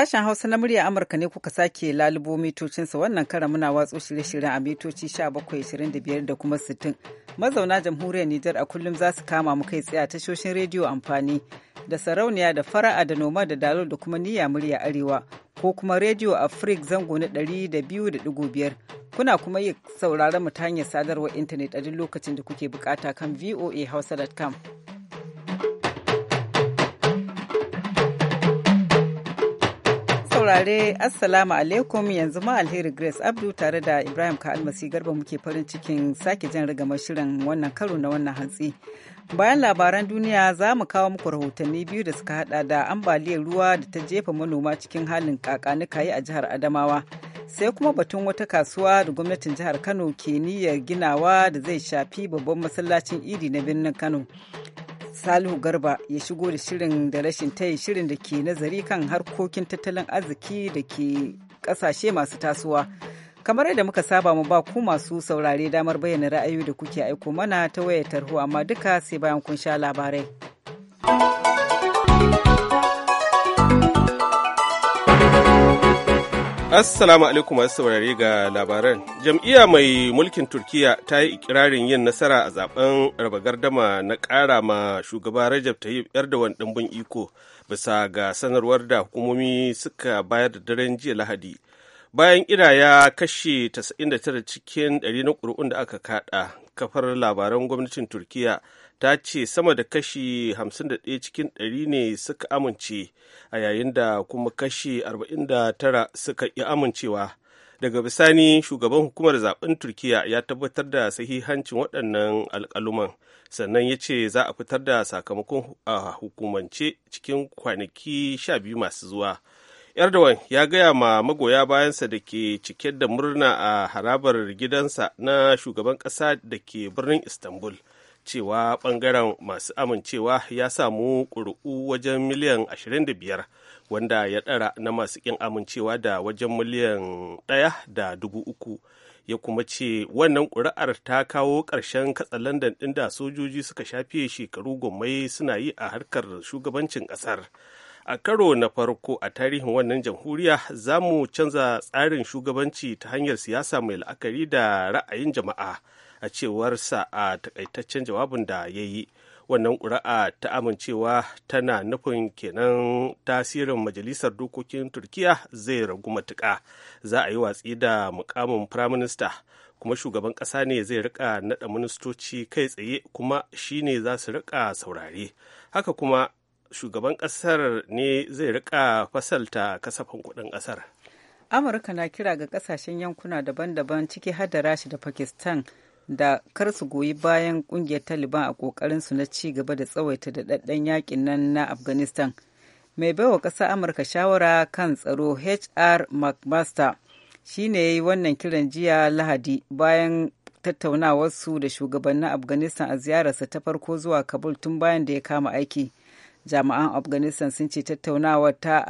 Sashen Hausa na murya Amurka ne kuka sake lalubo mitocinsa wannan kara muna watso shirye shirye a mitoci 1725 da kuma 60. Mazauna jamhuriyar Nijar a kullum za su kama mu kai tsaye a tashoshin rediyo amfani da sarauniya da fara'a da noma da dalo da kuma niyya murya arewa ko kuma rediyo a Afrik zango na 200.5 kuna kuma yi sauraron mu ta hanyar sadarwar intanet a duk lokacin da kuke bukata kan voa voahausa.com. saurare Assalamu alaikum yanzu ma alheri Grace Abdu tare da Ibrahim ka almasi garba muke farin cikin sake jan rigama shirin wannan karo na wannan hantsi. Bayan labaran duniya za mu kawo muku rahotanni biyu da suka hada da ambaliyar ruwa da ta jefa manoma cikin halin kakanika a jihar Adamawa. Sai kuma batun wata kasuwa da gwamnatin jihar Kano ke niyyar ginawa da zai shafi babban masallacin idi na birnin Kano. Salihu Garba ya shigo da shirin da rashin tayi shirin da ke nazari kan harkokin tattalin arziki da ke kasashe masu tasowa. Kamar yadda muka saba mu ba ku masu saurare damar bayyana ra'ayoyi da kuke aiko mana ta wayar tarho amma duka sai bayan kun sha labarai. Assalamu alaikum masu saurare ga labaran. Jam'iyya mai mulkin Turkiya ta yi ikirarin yin nasara a zaben raba gardama na ƙara ma shugaba Rajab Tayyip Erdogan ɗimbin iko bisa ga sanarwar da hukumomi suka bayar da daren jiya Lahadi. Bayan ina ya kashe 99 cikin 100 na ƙuri'un da aka kaɗa, kafar labaran gwamnatin Turkiya ta ce sama da kashi 51 cikin 100 ne suka amince a yayin da kuma kashi 49 suka yi amincewa daga bisani shugaban hukumar zaben turkiya ya tabbatar da sahihancin waɗannan alƙaluman sannan ya ce za a fitar da sakamakon a hukumance cikin kwanaki 12 masu zuwa Erdogan ya gaya ma magoya bayansa da ke cike da murna a harabar gidansa na shugaban ƙasa da ke birnin Istanbul cewa bangaren masu amincewa ya samu ƙuri'u wajen miliyan 25 wanda ya ɗara na masu ƙin amincewa da wajen miliyan ɗaya da dubu uku ya kuma ce wannan ƙuri'ar ta kawo ƙarshen katsalandan ɗin da sojoji suka shafe shekaru gwamnati suna yi a harkar shugabancin ƙasar a karo na farko a tarihin wannan jamhuriya za mu canza tsarin shugabanci ta hanyar siyasa mai la'akari da ra'ayin jama'a a cewarsa a takaitaccen jawabin da ya yi wannan ƙuri'a ta amincewa tana nufin kenan tasirin majalisar dokokin turkiya zai ragu matuka za a yi watsi da mukamin firaminista kuma shugaban ƙasa ne zai rika naɗa ministoci kai tsaye kuma shi ne za su rika saurare haka kuma shugaban ƙasar ne zai rika fasalta kasafin kuɗin ƙasar amurka na kira ga ƙasashen yankuna daban-daban ciki har da rashi da pakistan da kar su goyi bayan kungiyar taliban a kokarin su na ci gaba da tsawaita da daddan yakin nan na afghanistan mai baiwa ƙasa amurka shawara kan tsaro hr mcmaster shi ne ya yi wannan kiran jiya lahadi bayan tattaunawarsu da shugabannin afghanistan a ziyararsa ta farko zuwa kabul tun bayan da ya kama aiki jami'an afghanistan sun ce tattaunawar ta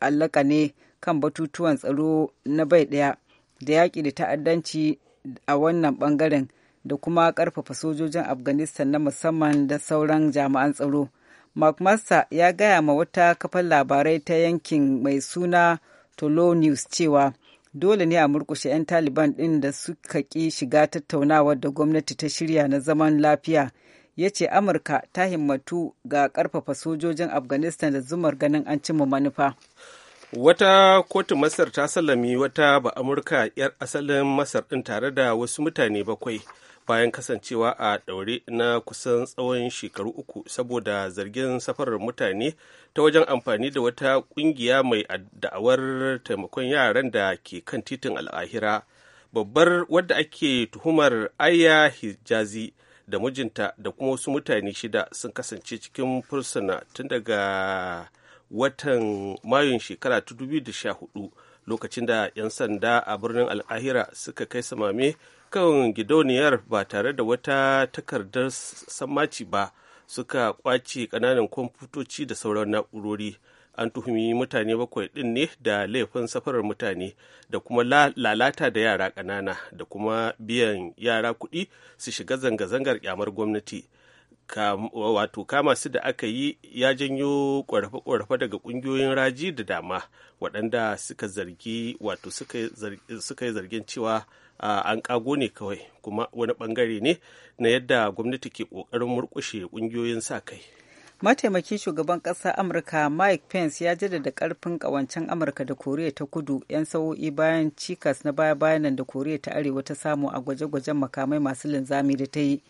allaka ne kan batutuwan tsaro na bai ɗaya da yaƙi da ta'addanci a wannan bangaren da kuma karfafa sojojin afghanistan na musamman da sauran jami'an tsaro mcmaster ya gaya ma wata kafar labarai ta yankin mai suna tolo news cewa dole ne a murkushe 'yan taliban ɗin da suka ƙi shiga tattaunawar da gwamnati ta shirya na zaman lafiya ya ce amurka ta himmatu ga ƙarfafa sojojin afghanistan da zumar ganin an cimma manufa wata kotu masar ta salami wata ba amurka yar asalin masar ɗin tare da wasu mutane bakwai bayan kasancewa a ɗaure na kusan tsawon shekaru uku saboda zargin safarar mutane ta wajen amfani da wata ƙungiya mai da'awar taimakon yaran da ke kan titin al'ahira babbar wadda ake tuhumar aya hijazi da mijinta da kuma wasu mutane shida sun kasance cikin fursuna tun daga watan mayun shekara ta 2014 lokacin da 'yan sanda a birnin alkahira suka kai samame kan gidauniyar ba tare da wata takardar sammaci ba suka kwace kananan kwamfutoci da sauran na'urori an tuhumi mutane bakwai din ne da laifin safarar mutane da kuma lalata da yara ƙanana da kuma biyan yara kuɗi su shiga zanga-zangar kyamar gwamnati. wato kama su da aka yi ya janyo ƙorafe kwarafe daga ƙungiyoyin raji da dama waɗanda suka zargi wato suka yi zargin cewa an ƙago ne kawai kuma wani ɓangare ne na yadda gwamnati ke ƙoƙarin murƙushe ƙungiyoyin sa kai mataimakin shugaban ƙasa amurka mike pence ya jaddada ƙarfin ƙawancen amurka da koriya ta kudu 'yan sa'o'i bayan cikas na baya-bayanan da koriya ta arewa ta samu a gwaje-gwajen makamai masu linzami da ta yi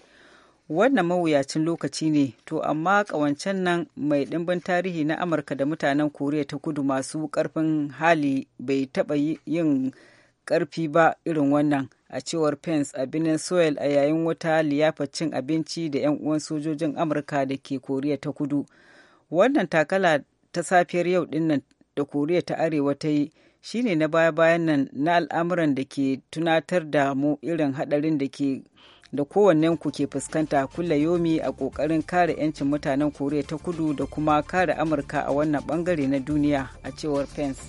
wannan mawuyacin lokaci ne to amma kawancen nan mai ɗimbin tarihi na amurka da mutanen koriya ta kudu masu ƙarfin hali bai taɓa yin ƙarfi ba irin wannan a cewar pence a birnin soil a yayin wata liyafar cin abinci da 'yan uwan sojojin amurka da ke koriya ta kudu wannan takala ta safiyar yau dinnan da koriya ta arewa ta yi shine na baya-bayan nan na al'amuran da ke tunatar da mu irin haɗarin da ke da ku ke fuskanta kula yomi a ƙoƙarin kare 'yancin mutanen koriya ta kudu da kuma kare amurka a wannan bangare na duniya a cewar pence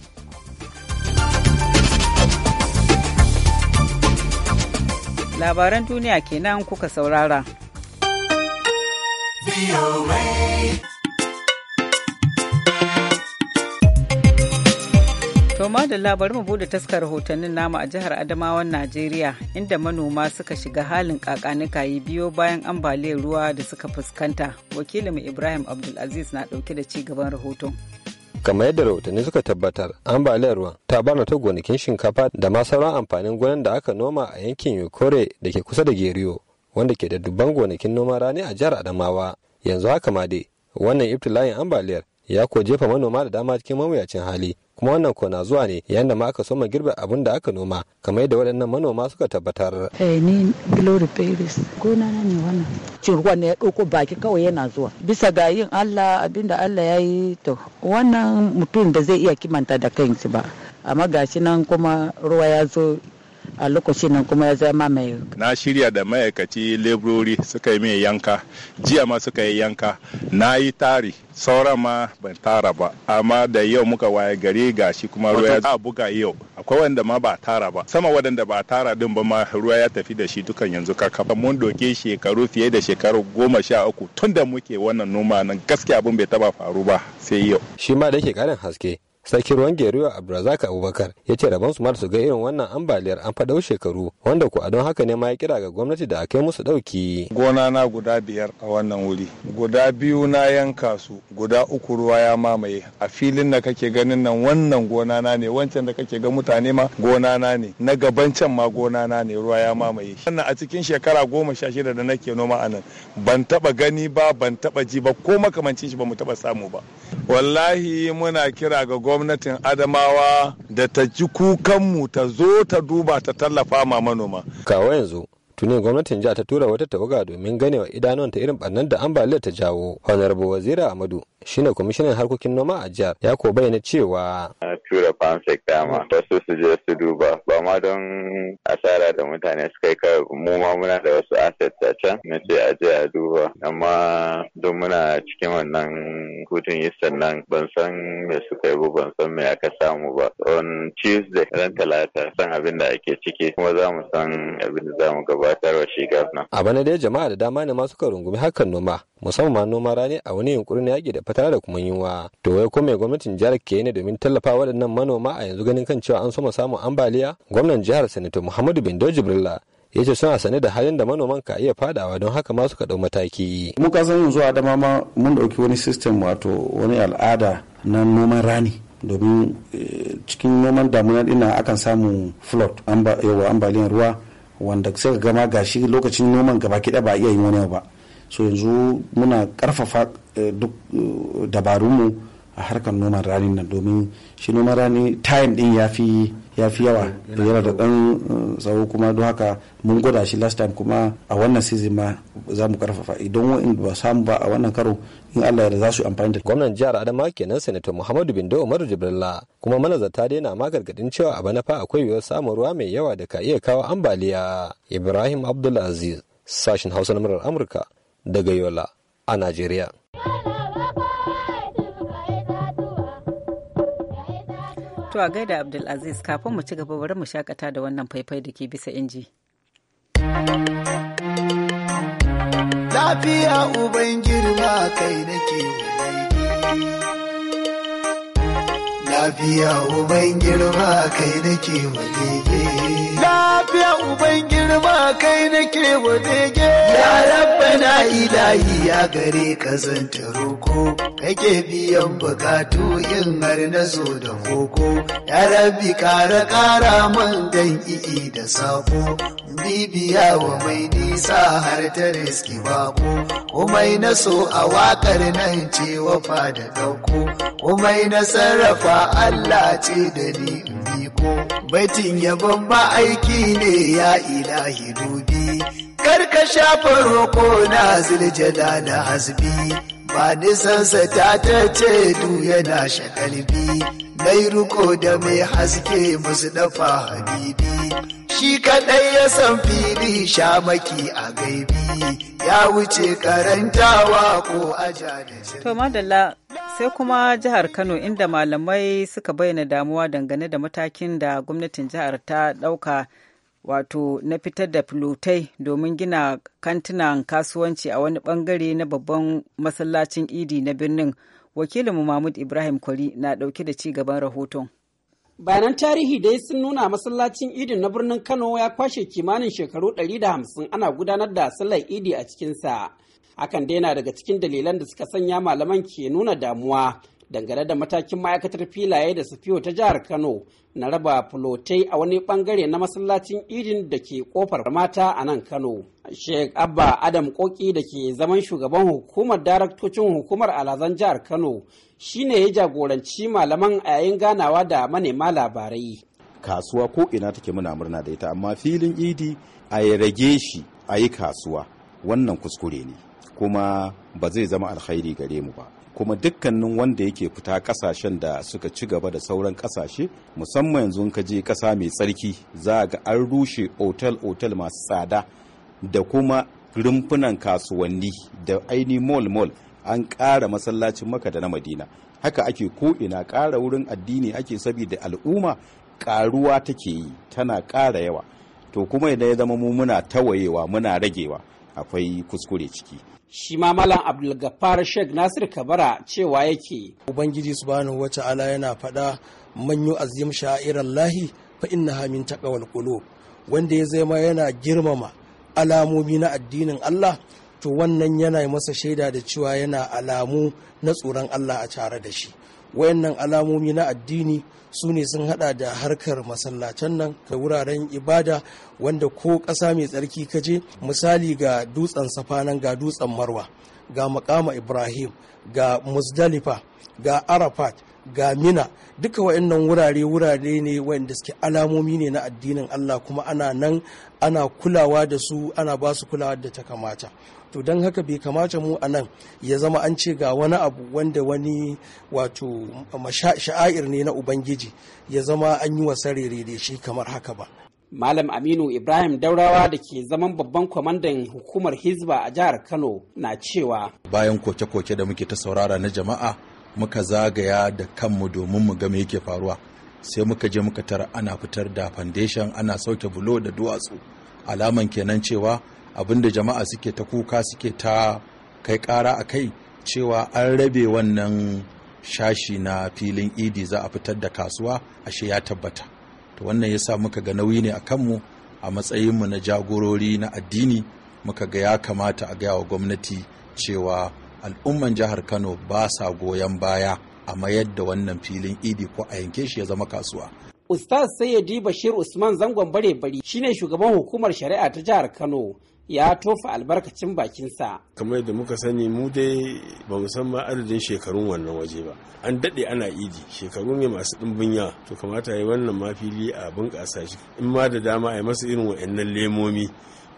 labaran duniya kenan kuka saurara. To da bari mu bude taskar rahotannin namu a jihar Adamawan Najeriya inda manoma suka shiga halin kakanika yi biyo bayan ambaliyar ruwa da suka fuskanta. Wakilin Ibrahim Abdulaziz na dauke da ci gaban rahoton. kamar yadda rahotanni suka tabbatar ambaliyar ruwan ta bana ta gonakin shinkafa da ma sauran amfanin gonan da aka noma a yankin yokore da ke kusa da geriyo wanda ke da dubban gonakin noma rani a jihar adamawa yanzu haka ma dai wannan ibtila'in ambaliyar ya ko jefa manoma da dama cikin mawuyacin hali kuma wannan ko na zuwa ne yayin da ma aka soma girbe abin da aka noma kamar yadda waɗannan manoma suka tabbatar. Eh ni Glory Paris gona na ne wannan. Cin ruwan ne ya ɗauko baki kawai yana zuwa. Bisa ga yin Allah abin Allah ya yi to wannan mutum da zai iya kimanta da kansa ba. Amma gashi nan kuma ruwa ya zo a lokacin nan kuma ya zama mai na shirya da ma'aikaci leburori suka yi mai yanka jiya ma suka yi yanka na yi tari sauran ma ban tara ba amma da yau muka waye gari shi kuma ruwa ya buga yau akwai wanda ma ba tara ba sama wadanda ba tara din ba ma ruwa ya tafi da shi dukan yanzu ka kafa mun doke shekaru fiye da shekaru goma sha uku tun da muke wannan noma nan gaskiya abin bai taba faru ba sai yau shi ma da yake karin haske sarki ruwan geriwa abdulrazak abubakar ya ce rabon su su ga irin wannan ambaliyar an faɗau shekaru wanda ku a don haka ne ma ya kira ga gwamnati da a kai musu ɗauki. gona na guda biyar a wannan wuri guda biyu na yanka su guda uku ruwa ya mamaye a filin da kake ganin nan wannan gona na ne wancan da kake ga mutane ma gona na ne na gaban can ma gona na ne ruwa ya mamaye wannan a cikin shekara goma sha shida da nake noma a nan ban taɓa gani ba ban taɓa ji ba ko makamancin shi ba mu taɓa samu ba wallahi muna kira ga gwamnatin Adamawa da ta ji kukanmu ta zo ta duba ta tallafa ma manoma. Kawo yanzu tuni gwamnatin jiha ta tura wata tawaga domin ganewa ta irin barnar da ambaliyar ta jawo honorable wazira amadu shine kwamishinan harkokin noma a jihar ya ko bayyana cewa a tura fansek dama da su su je su duba ba ma don asara da mutane suka yi kawai mu ma muna da wasu assets a can na ce a je a duba amma don muna cikin wannan gudun yistan nan ban san me suka yi ba ban san me aka samu ba on tuesday ran talata san abin da ake ciki kuma za mu san abin da za mu gabatar wa shi gafna a bana dai jama'a da dama ne ma suka rungumi hakan noma musamman noma rani a wani yunkurin yaƙi da fatara da kuma yunwa to wai ko mai gwamnatin jihar ke ne domin tallafa waɗannan manoma a yanzu ganin kan cewa an soma samun ambaliya gwamnan jihar sanato muhammadu bindo jibrilla ya ce suna sane da halin da manoman ka iya fadawa don haka ma suka ɗau mataki. mu ka san yanzu adama ma mun ɗauki wani system wato wani al'ada na noman rani domin eh, cikin noman damuna dina akan samu flood yawa ambaliyan ruwa wanda sai ga gama gashi lokacin noman gaba kiɗa ba iya yin wani ba so yanzu muna karfafa eh, duk eh, dabarunmu a harkar noman rani nan domin shi noman rani time din ya fi ya fi yawa da yana da dan eh, tsawo kuma don haka mun gwada shi last time kuma a wannan season ma za mu karfafa idan wa'in ba samu ba a wannan karo in Allah yarda za su amfani da gwamnan jihar Adama kenan senator Muhammadu Bindo Umaru Jibrilla kuma manazarta dai na magargadin cewa a bana fa akwai yiwuwar samun ruwa mai yawa da ka iya kawo ambaliya Ibrahim Abdulaziz sashin Hausa na Amurka daga Yola a Najeriya. To a gaida Abdulaziz kafin mu ci gaba bari mu shakata da wannan faifai da ke bisa inji. Lafiya uban girma kai nake Lafiya uban girma kai nake Lafiya uban girma ma kai nake wadege ya Rabba na ilahi ya gare ka zanta roko kake biyan bukatu yin har na zo da koko ya rabbi kara kara man dan i'i da sako bibiya wa mai nisa har ta riski bako kumai na so a wakar nan ce wafa da dauko kumai na sarrafa Allah ce da ni in baitin ya babba aiki ne ya ilahi dubi karka shafa roƙo na ziljada da hasbi ba nisansa ta ta ce du yana shakalbi mai ruko da mai haske musu dafa habibi shi kaɗai ya san fili shamaki a gaibi ya wuce karantawa ko aja da To madalla sai kuma jihar Kano inda malamai suka bayyana damuwa dangane da matakin da gwamnatin jihar ta ɗauka wato na fitar da filotai domin gina kantinan kasuwanci a wani bangare na babban masallacin idi na birnin wakilinmu mahmud ibrahim kwari na dauke da ci gaban rahoton bayanan tarihi dai sun nuna masallacin idi na birnin kano ya kwashe kimanin shekaru 150 ana gudanar da sallar idi a cikinsa Hakan daina daga cikin dalilan da suka sanya malaman ke nuna damuwa dangane da matakin ma'aikatar filaye da sufiyo ta jihar Kano na raba fulotai a wani bangare na masallacin idin da ke kofar mata a nan Kano. Sheikh Abba Adam Koki da ke zaman shugaban hukumar daraktocin hukumar alazan jihar Kano shine ya jagoranci malaman a yayin ganawa da manema labarai. Kasuwa ko ina take muna murna da ita amma filin idi a rage shi a yi kasuwa wannan kuskure ne. kuma ba zai zama alkhairi gare mu ba kuma dukkanin wanda yake fita kasashen da suka ci gaba da sauran kasashe musamman yanzu ka je kasa mai tsarki za ga an rushe otal-otal masu tsada da kuma rumfunan kasuwanni da aini mall-mall an ƙara masallacin maka da na madina haka ake ko'ina ƙara wurin addini ake saboda al'umma ƙaruwa take yi tana ƙara yawa to kuma idan ya zama mu muna tawayewa muna ragewa akwai kuskure ciki shi ma malam abdulgafar sheikh nasir kabara cewa yake ubangiji subhanahu ta'ala yana faɗa manyo azim sha'iran lahi fa inna min taqawal qulub wanda ya zama yana girmama alamomi na addinin Allah to wannan yana masa shaida da cewa yana alamu na tsoron Allah a tare da shi wayannan alamomi na addini su ne sun hada da harkar masallacen nan da wuraren ibada wanda ko ƙasa mai tsarki ka je misali ga dutsen safanan ga dutsen marwa ga makama ibrahim ga musdalifa ga arafat ga mina duka wayannan wurare wurare ne wayanda suke alamomi ne na addinin allah kuma ana nan ana kulawa da su ana ba su kulawa da ta kamata to don haka bai kamata mu a nan ya zama an ce ga wani abu wanda wani wato sha'air ne na ubangiji ya zama an yi sarere da shi kamar haka ba Malam Aminu Ibrahim Daurawa da ke zaman babban kwamandan hukumar Hizba a jihar Kano na cewa. Bayan koke-koke da muke ta saurara na jama'a muka zagaya da kanmu domin mu ga yake faruwa. Sai muka je muka tara ana fitar da foundation ana sauke bulo da duwatsu. Alaman kenan cewa Abin da jama'a suke ta kuka suke ta kai kara a kai cewa an rabe wannan shashi na filin idi za a fitar da kasuwa ashe ya tabbata to wannan ya sa muka ga nauyi ne a kanmu a matsayinmu na jagorori na addini muka ga ya kamata a gaya wa gwamnati cewa al'umman jihar kano ba sa goyon baya a mayar da wannan filin idi ko a yanke shi ya zama kasuwa ustaz sayyadi bashir usman zangon bare bari ne shugaban hukumar shari'a ta jihar kano ya tofa albarkacin bakinsa. Kamar yadda muka sani mu dai ba mu san ma adadin shekarun wannan waje ba. An daɗe ana idi shekaru ne masu ɗumbin yawa to kamata yi wannan ma fili a bunƙasa shi. In ma da dama a yi masa irin wa'annan lemomi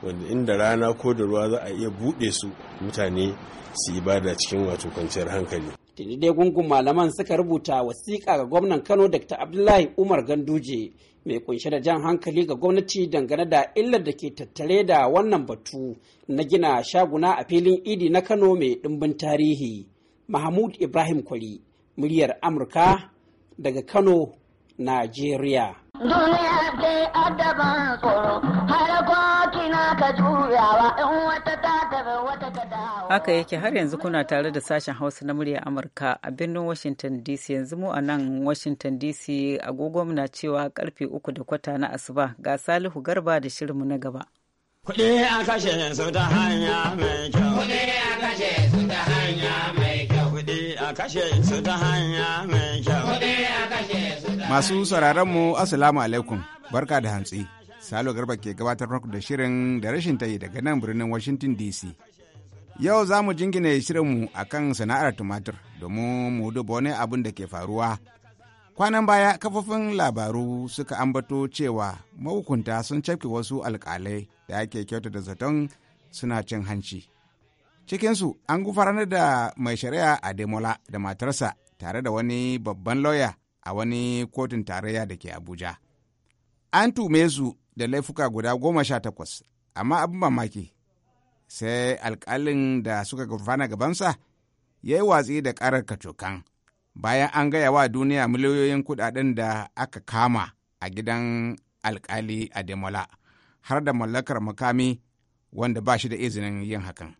wanda inda rana ko da ruwa za a iya buɗe su mutane su ibada cikin wato kwanciyar hankali. Tuni dai gungun malaman suka rubuta wasiƙa ga gwamnan Kano Dr. Abdullahi Umar Ganduje mai kunshe da jan hankali ga gwamnati dangane da illar da ke tattare da wannan batu na gina shaguna a filin idi na kano mai ɗimbin tarihi mahmud ibrahim kwari muryar amurka daga kano najeriya duniya ke adaban tsoro har kina ka juyawa in wata ta Haka yake har yanzu kuna tare da sashen Hausa na murya Amurka a birnin Washington DC yanzu mu a nan Washington DC agogo muna cewa karfe uku da kwata na asuba ga Salihu Garba da shirinmu na gaba. Kuɗi a kashe su ta hanya mai kyau. Kuɗi a kashe su ta hanya mai kyau. Kuɗi a kashe su ta hanya mai kyau. Kuɗi a kashe su ta Masu sauraron mu Assalamu alaikum. Barka da hantsi. Salo Garba ke gabatar da shirin da rashin tayi daga nan birnin Washington DC. Yau za mu jingine shirinmu a kan sana'ar tumatir domin mu duba wani abin da ke faruwa. Kwanan baya kafofin labaru suka ambato cewa mahukunta sun cafke wasu alkalai da ake kyauta da zaton suna cin hanci. Cikinsu an gufanar da mai shari'a a demola da matarsa tare da wani babban lauya a wani kotun tarayya da ke Abuja. An tume su da laifuka guda goma sha takwas, amma abin mamaki sai alkalin da suka gurfana gabansa ya yi watsi da karar kacokan bayan an gaya wa duniya miliyoyin kudaden da aka kama a gidan alkali ademola har da mallakar makami wanda ba shi da izinin yin hakan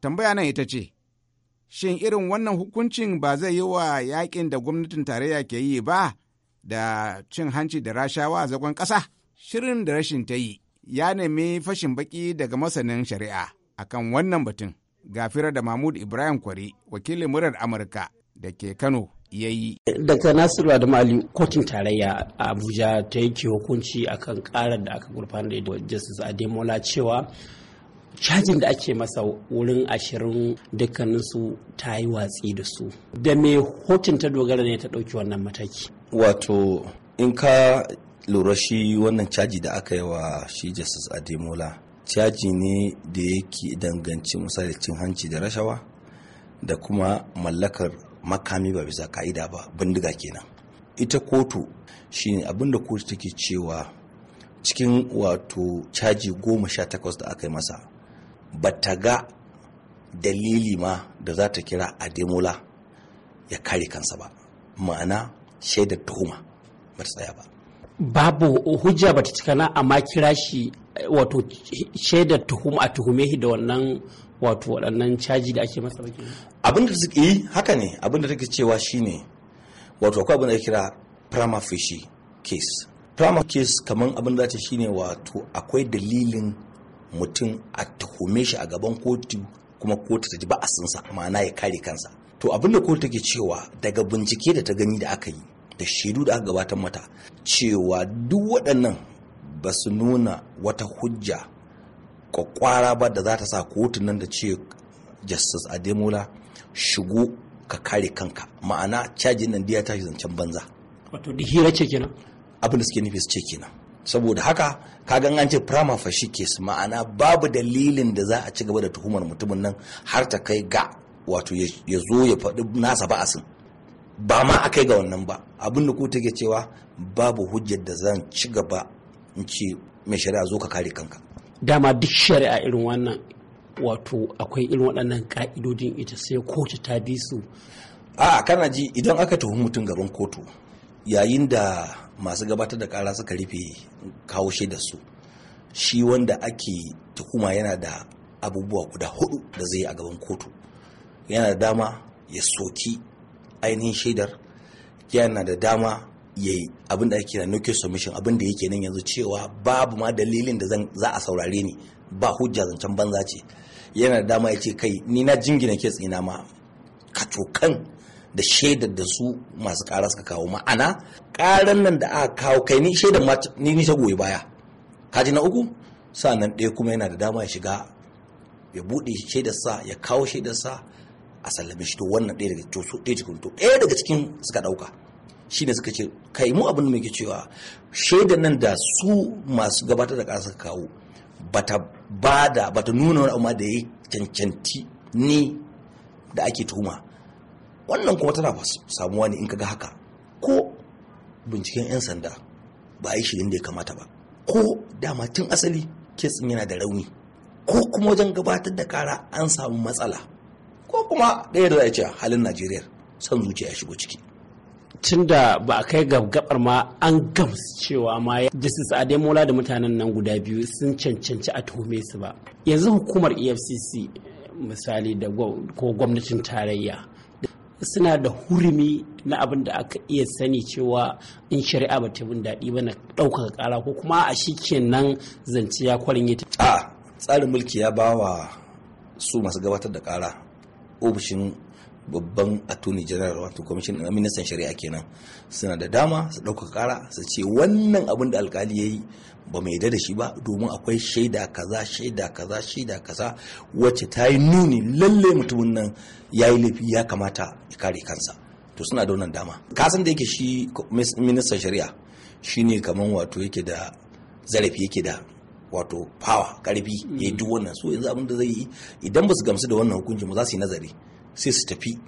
tambaya nan ita ce shin irin wannan hukuncin ba zai yi wa yakin da gwamnatin tarayya ke yi ba da cin hanci da rashawa zagon ƙasa shirin da rashin ta yi ya nemi fashin baƙi daga masanin shari'a akan wannan batun gafira da mahmud ibrahim kwari wakilin murar amurka da ke kano ya yi daga nasiru adamu ali kotun tarayya a abuja ta yanke hukunci akan karar da aka gurfanar da justice ademola cewa cajin da ake masa wurin ashirin dukkaninsu ta yi watsi da su da me hotun ta dogara ne ta ɗauki wannan mataki wato in ka lura shi wannan caji da aka yi wa shi justice ademola caji ne da yake danganci misali cin hanci da rashawa da kuma mallakar makami ba bisa ka'ida ba bindiga kenan ita kotu shine abinda kotu take cewa cikin wato caji goma sha takwas da aka yi masa ba ta ga dalili ma da za ta kira ademola ya kare kansa ba ma'ana shaidar tuhuma ba ta tsaya ba babu hujja ta cika na amma kira shi eh, wato shaidar tuhum a tuhume shi da wannan wato waɗannan caji da ake masa baki abin da yi haka ne abin da take cewa shine wato akwai abin da kira prima facie case prima case kamar abin da ta shine wato akwai dalilin mutum a tuhume shi a gaban kotu kuma kotu ta ji sunsa ma'ana ya kare kansa to abin da kotu take cewa daga bincike da ta gani da aka yi da shaidu da aka gabatar mata cewa duk waɗannan ba su nuna wata hujja kwakwara ba da za ta sa kotun nan da ce justice ademola shigo ka kare kanka ma'ana cajin nan diya tashi zancen banza wato da hira ce kenan abin da suke nufi ce kenan saboda haka ka an ce prima fashi su ma'ana babu dalilin da za a ci gaba da tuhumar mutumin nan har ta kai ga wato ya zo ya faɗi nasa ba'asin ba ma a kai ga wannan ba abin da kuta ke cewa babu hujjar da zan ci gaba in ce mai shari'a zo ka kare kanka dama duk shari'a irin wannan wato akwai irin waɗannan ka'idodin ita sai kotu ta bi su a kana ji idan aka tuhumi mutum gaban kotu yayin da masu gabatar da kara suka rufe kawo da su shi wanda ake tuhuma yana da abubuwa guda hudu da zai a gaban kotu yana da dama ya soki ainihin shaidar yana da dama ya yi abin da ake na nuclear submission abin da yake nan yanzu cewa babu ma dalilin da za a saurare ni ba hujja zancen banza ce yana da dama ya ce kai ni na jingina ke tsina ma kacokan da shaidar da su masu kara suka kawo ma'ana karan nan da aka kawo kai ni shaidar ma ni ni goyi baya kaji na uku nan ɗaya kuma yana da dama ya shiga ya buɗe shaidarsa ya kawo shaidarsa a sallame shi to wannan ɗaya daga to ɗaya cikin to ɗaya daga cikin suka ɗauka shine suka ce kai mu abin da muke cewa shaidan nan da su masu gabatar da ƙasa suka kawo bata bada bata nuna wani amma da ya cancanti ni da ake tuhuma wannan kuma tana samuwa ne in ka ga haka ko binciken 'yan sanda ba a yi shirin da ya kamata ba ko dama tun asali kesin yana da rauni ko kuma wajen gabatar da kara an samu matsala kuma ɗaya da yadda a ce halin najeriya son zuciya ya shigo ciki tun da ba a kai gabgabar ma an gamsu cewa ma justice ademola da mutanen nan guda biyu sun cancanci a tuhume su ba yanzu hukumar efcc misali da ko gwamnatin tarayya suna da hurumi na abin da aka iya sani cewa in shari'a ba ta bin daɗi ba na ɗaukaka ƙara ko kuma a shi kenan zance ya kwarin yi ta. tsarin mulki ya ba wa su masu gabatar da ƙara ofishin babban attorney general wato commission na ministan shari'a kenan suna da dama su ɗauka kara su ce wannan abin da alkali ya yi ba mai da shi ba domin akwai shaida kaza shaida kaza shaida kaza wacce ta yi nuni lalle mutumin nan ya yi laifi ya kamata ya kare kansa to suna da wannan dama kasan da yake shi ministan shari'a shine kamar wato yake da zarafi yake da wato power karfi hmm. ya yi duk wannan so yanzu abin da zai yi idan ba su gamsu da wannan hukunci ba za su yi nazari sai su tafi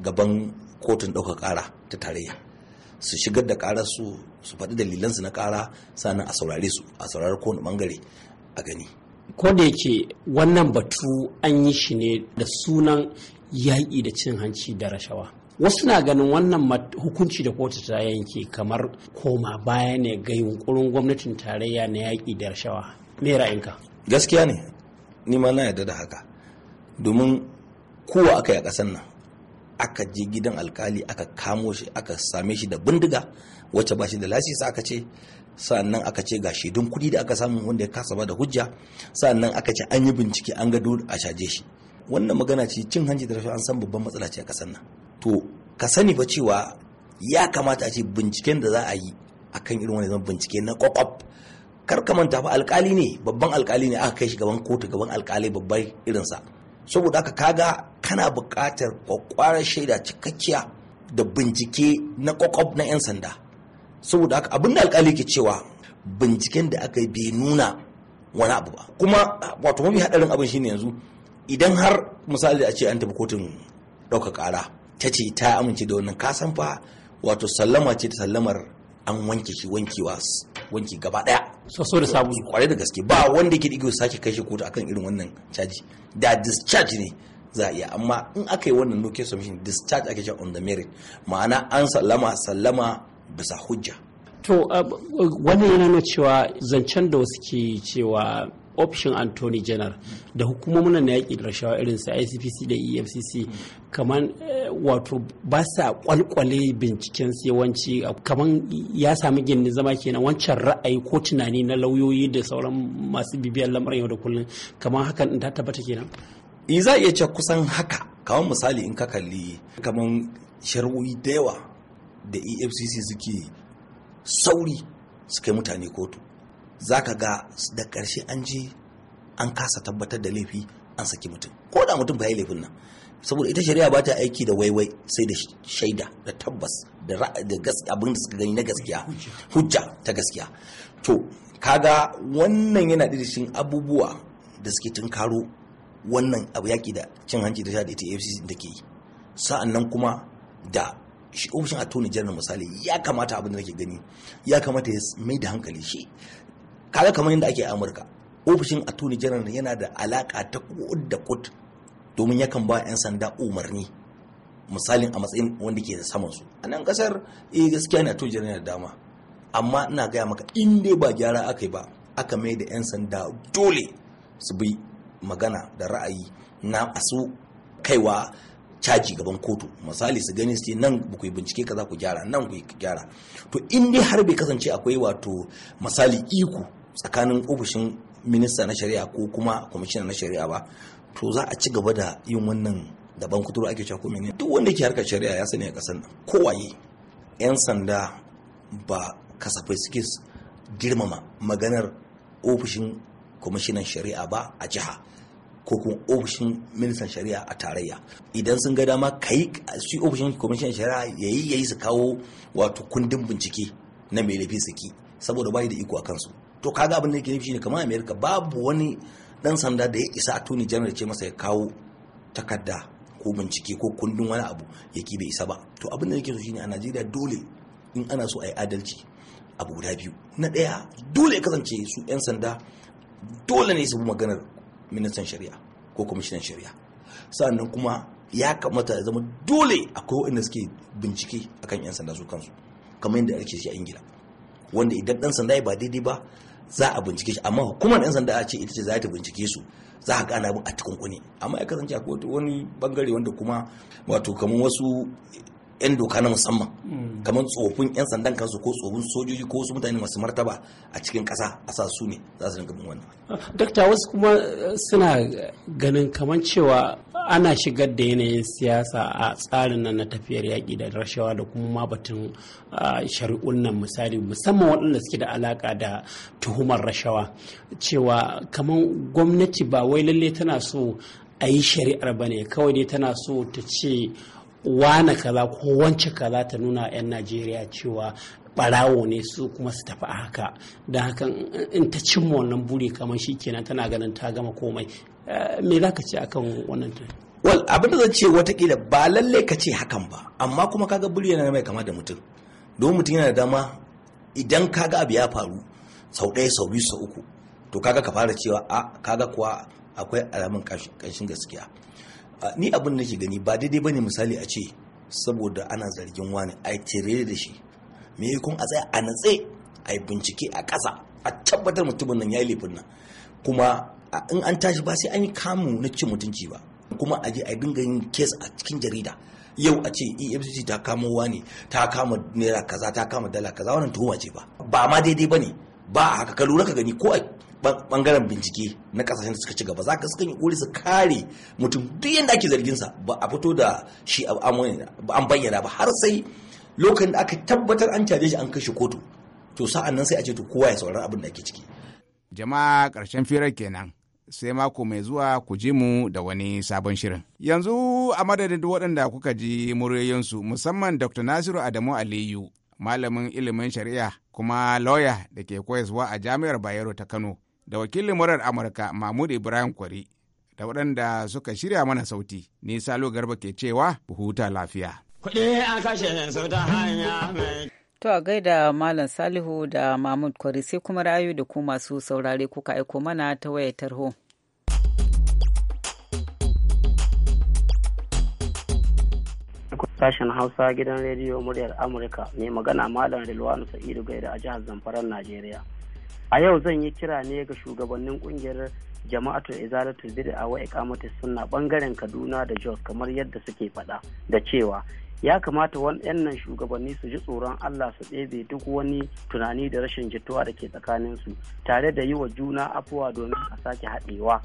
gaban kotun ɗaukar ƙara ta tarayya su shigar da ƙarar su su faɗi dalilansu na ƙara sannan a saurare su a saurari kowane ɓangare a gani ko da yake wannan batu an yi shi ne da sunan yaƙi da cin hanci da rashawa wasu na ganin wannan hukunci da kotu ta yanke kamar koma baya ne ga yunkurin gwamnatin tarayya na yaƙi da rashawa me ra'inka gaskiya ne ni ma na yarda da haka domin kowa aka yi a ƙasar nan aka je gidan alkali aka kamo shi aka same shi da bindiga wacce ba shi da lasisi aka ce sannan aka ce ga shaidun kuɗi da aka samu wanda ya kasa ba da hujja sannan aka ce an yi bincike an gado a shaje shi wannan magana ce cin hanci da rashin an san babban matsala ce a ƙasar nan to ka sani ba cewa ya kamata a ce binciken da za a yi akan irin wani zama bincike na kwakwaf kar ka manta fa alkali ne babban alkali ne aka kai shi gaban kotu gaban alkali babbai irinsa saboda haka kaga kana buƙatar kwakwarar shaida cikakkiya da bincike na kwakwab na 'yan sanda saboda haka abinda alkali ke cewa binciken da aka yi bai nuna wani abu ba kuma wato mafi hadarin abin shine yanzu idan har misali da a ce an tafi kotun ɗauka ƙara ta ce ta amince da wannan kasan fa wato sallama ce ta sallamar an wanke shi wankewa wanki gaba daya so da sabu kwarai da gaske ba wanda ke digo sake kai shi kotu akan irin wannan caji da discharge ne za a iya amma in aka yi wannan no submission discharge ake cewa on the merit ma'ana an sallama sallama bisa hujja to uh, wannan yana nuna cewa zancen da wasu ke cewa option Anthony General da hukumomin na yaƙi da rashawa irin su ICPC da EFCC kamar eh, wato ba sa kwalkwale binciken su yawanci kamar ya sami gini zama kenan wancan ra'ayi ko tunani na lauyoyi da sauran masu bibiyar lamarin yau da kullum kamar hakan ta tabbata kenan i eh, za iya ce kusan haka kamar misali in ka kalli kamar shari'o'i da yawa da efcc suke sauri suke mutane kotu za ka ga da ƙarshe an ji an kasa tabbatar da laifi an saki mutum ko da mutum ba ya laifin nan saboda ita shari'a ba ta aiki da waiwai sai da shaida da tabbas da abin da suka gani na gaskiya hujja ta gaskiya to kaga wannan yana da cikin abubuwa da suke tunkaro wannan abu yaki da cin hanci da sha da ita afcc da ke yi sa'an nan kuma da shi ofishin attorney general misali ya kamata abin da nake gani ya kamata ya mai da hankali shi kaga kamar yadda ake amurka ofishin attorney general yana da alaka ta kud da kud domin yakan ba 'yan sanda umarni misalin a matsayin wanda ke da saman su a nan kasar eh gaskiya ne attorney janar da dama amma ina gaya maka in dai ba gyara aka yi ba aka mai da 'yan sanda dole su bi magana da ra'ayi na asu kaiwa caji gaban kotu misali su gani su nan ku bincike kaza ku gyara nan ku gyara to in dai har bai kasance akwai wato misali iko tsakanin ofishin minista na shari'a ko kuma kwamishina na shari'a ba to za a ci gaba da yin wannan daban kuturu ake cewa komai duk wanda ke harkar shari'a ya sani a kasan nan kowaye yan sanda ba kasafai suke girmama maganar ofishin kwamishinan shari'a ba a jiha ko kuma ofishin ministan shari'a a tarayya idan sun ga dama kai su ofishin kwamishinan shari'a yayi yayi su kawo wato kundin bincike na mai laifi suki saboda bai da iko a kansu to kaga abin da yake nufi shine kamar america babu wani dan sanda da ya isa attorney general ce masa ya kawo takarda ko bincike ko kundin wani abu yake bai isa ba to abin da yake so shine a najeriya dole in ana so a yi adalci abu guda biyu na ɗaya dole ya kasance su 'yan sanda dole ne su bi maganar ministan shari'a ko kwamishinan shari'a sannan kuma ya kamata ya zama dole akwai waɗanda suke bincike akan 'yan sanda su kansu kamar yadda ake shi a ingila wanda idan ɗan sanda ya ba daidai ba za a bincike shi amma hukumar 'yan sanda a ce ita ce za ta bincike su za a gana a kuni amma ya kasance akwai wani bangare wanda kuma wato kamar wasu 'yan doka na musamman hmm. kamar tsofin 'yan sandan kansu ko tsofin sojoji ko wasu mutane masu martaba a cikin kasa a sa su ne za su dinga bin wannan. dakta wasu kuma suna ganin kamar cewa ana shigar da yanayin siyasa a tsarin nan na tafiyar yaƙi da rashawa da kuma ma batun shari'un nan misali musamman waɗanda suke da alaƙa da tuhumar rashawa cewa kamar gwamnati ba wai lalle tana so a yi shari'ar ba ne kawai dai tana so ta ce wane kaza ko wance kaza ta nuna 'yan najeriya cewa barawo ne su kuma su tafi a haka don haka in ta cimma wannan buri kamar shi kenan tana ganin ta gama komai Eh, me za ka ce akan wannan tun wal abin da zan ce watakila ba lalle ka ce hakan ba amma kuma kaga buri yana mai kama da mutum domin mutum yana da dama idan kaga abu ya faru sau ɗaya sau biyu sau uku to kaga ka fara cewa a kaga kuwa akwai alamun ƙarshen gaskiya eh, ni abin da ke gani ba daidai ba ne misali a ce saboda ana zargin wani a tere da shi me kun a tsaye a natse a yi bincike a ƙasa a tabbatar mutumin nan ya yi laifin nan kuma in an tashi ba sai an yi kamu na cin mutunci ba kuma a je a dinga yin kes a cikin jarida yau a ce efcc ta kamo wani ta kama naira kaza ta kama dala kaza wannan tuhuma ce ba ba ma daidai ba ne ba a haka ka ka gani ko a bangaren bincike na kasashen da suka ci gaba za ka suka yi kuri su kare mutum duk yadda ake zargin sa ba a fito da shi an bayyana ba har sai lokacin da aka tabbatar an caje shi an kashe kotu to sa'an nan sai a ce to kowa ya saurari abin da ake ciki jama'a karshen firar kenan sai mako mai zuwa ku ji mu da wani sabon shirin. Yanzu a madadin waɗanda kuka ji muryoyinsu musamman Dr. Nasiru Adamu Aliyu, malamin ilimin shari'a kuma lauya da ke koyaswa a Jami'ar Bayero ta Kano, da wakilin murar Amurka Mahmud Ibrahim Kwari, da waɗanda suka shirya mana sauti, ni Salo Garba ke cewa huta lafiya. Kuɗi a kashe su ta hanya mai To a gaida Malam Salihu da Mahmud Kwari sai kuma rayu da ku masu saurare kuka aiko mana ta wayar tarho. sashen hausa gidan rediyo muryar amurka mai magana malam rilwanu sa'idu gaida a jihar zamfaran najeriya a yau zan yi kira ne ga shugabannin kungiyar jama'atul izalatul bid'a wa iqamati sunna bangaren kaduna da jos kamar yadda suke faɗa da cewa ya kamata waɗannan shugabanni su ji tsoron allah su ɗebe duk wani tunani da rashin jituwa da ke tsakaninsu tare da yi wa juna afuwa domin a sake haɗewa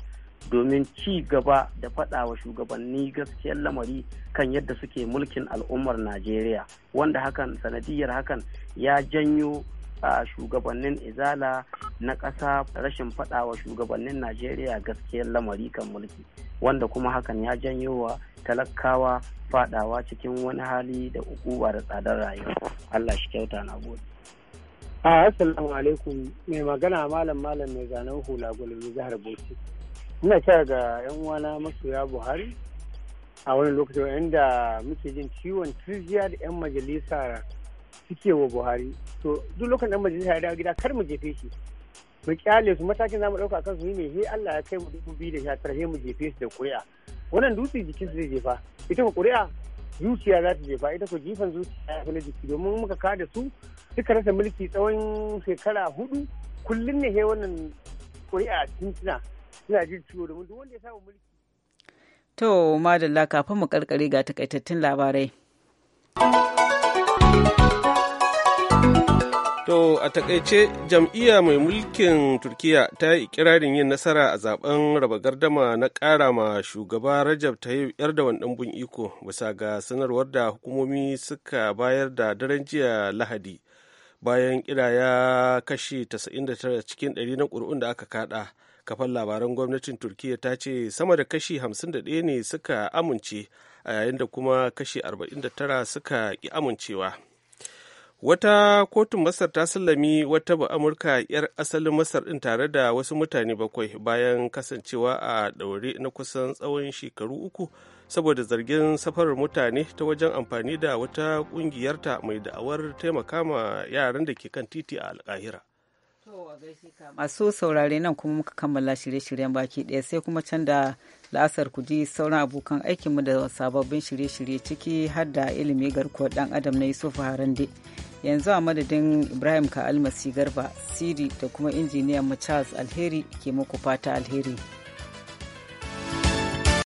domin ci gaba da fadawa shugabanni gaskiyar lamari kan yadda suke mulkin al'ummar najeriya wanda hakan sanadiyar hakan ya janyo a shugabannin izala na ƙasa rashin fadawa shugabannin najeriya gaskiyar lamari kan mulki wanda kuma hakan ya janyo wa talakawa faɗawa cikin wani hali da ukuwa da tsadar rayuwa allah shi kyauta na gode assalamu alaikum mai magana malam malam mai zanen hula gulmi jihar bauchi ina kira ga 'yan uwana masoya buhari a wani lokacin inda muke jin ciwon turjiya da 'yan majalisa suke wa buhari to duk lokacin yan majalisa ya dawo gida kar mu jefe shi mu kyale su matakin zamu ɗauka kan su ne he Allah ya kai mu dubu biyu da sha tara he mu jefe su da ƙuri'a wannan dutse jikin su zai jefa ita ko ƙuri'a zuciya za ta jefa ita ko jifan zuciya ya na jiki domin muka kada su suka rasa mulki tsawon shekara hudu kullum ne he wannan ƙuri'a cikin ina jin ciwo domin duk wanda ya samu mulki to madalla kafin mu karkare ga takaitattun labarai To a takaice jam'iyya mai mulkin Turkiya ta yi ikirarin yin nasara a zaben raba gardama na ƙara ma shugaba Rajab Tayyip Erdogan ɗumbin iko bisa ga sanarwar da hukumomi suka bayar da daren jiya Lahadi bayan ƙidaya kashi 99 cikin 100 na ƙuri'un da aka kada kafar labaran gwamnatin turkiya ta ce sama da kashi 51 ne suka amince a yayin da kuma kashi 49 suka ki amincewa wata kotun masar ta sallami wata ba amurka 'yar asalin masar ɗin tare da wasu mutane bakwai bayan kasancewa a ɗaure na kusan tsawon shekaru uku saboda zargin safarar mutane ta wajen amfani da wata ƙungiyarta mai da'awar taimaka ma yaran da ke kan titi a alkahira masu saurare nan kuma muka kammala shirye-shiryen baki ɗaya sai kuma can da la'asar ku ji sauran abokan aikinmu da sababbin shirye-shirye ciki har da ilimi garkuwar ɗan adam na yusuf harande yanzu a madadin ibrahim ka almasi garba siri da kuma injiniyan mu charles alheri ke muku fata alheri